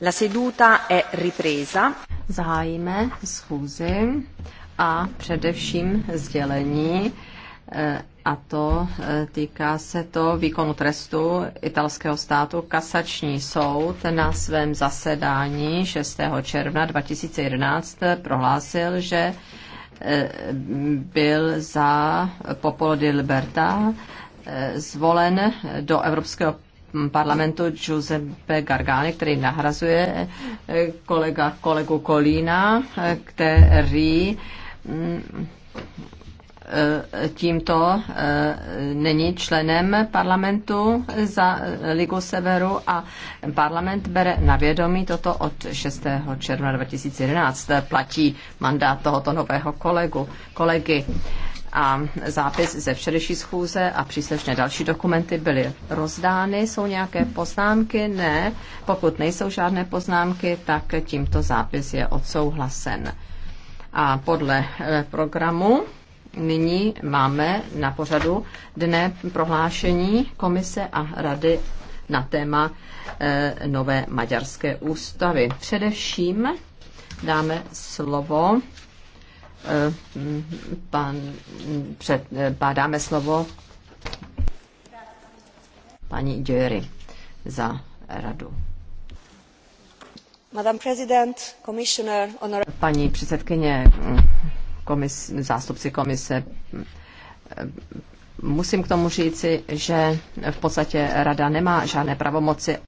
La seduta è ripresa. Zahájíme schůzi a především sdělení, eh, a to eh, týká se to výkonu trestu italského státu. Kasační soud na svém zasedání 6. června 2011 prohlásil, že eh, byl za Popolo di Liberta zvolen do Evropského parlamentu Giuseppe Gargani, který nahrazuje eh, kolega, kolegu Kolína, eh, který mm, eh, tímto není členem parlamentu za Ligu Severu a parlament bere na vědomí toto od 6. června 2011. Platí mandát tohoto nového kolegu, kolegy a zápis ze včerejší schůze a příslušné další dokumenty byly rozdány. Jsou nějaké poznámky? Ne. Pokud nejsou žádné poznámky, tak tímto zápis je odsouhlasen. A podle eh, programu nyní máme na pořadu dne prohlášení komise a rady na téma eh, nové maďarské ústavy. Především dáme slovo pan, před, bádáme slovo paní Děry za radu. Madam President, Commissioner, honor... Paní předsedkyně, komis, zástupci komise, musím k tomu říci, že v podstatě rada nemá žádné pravomoci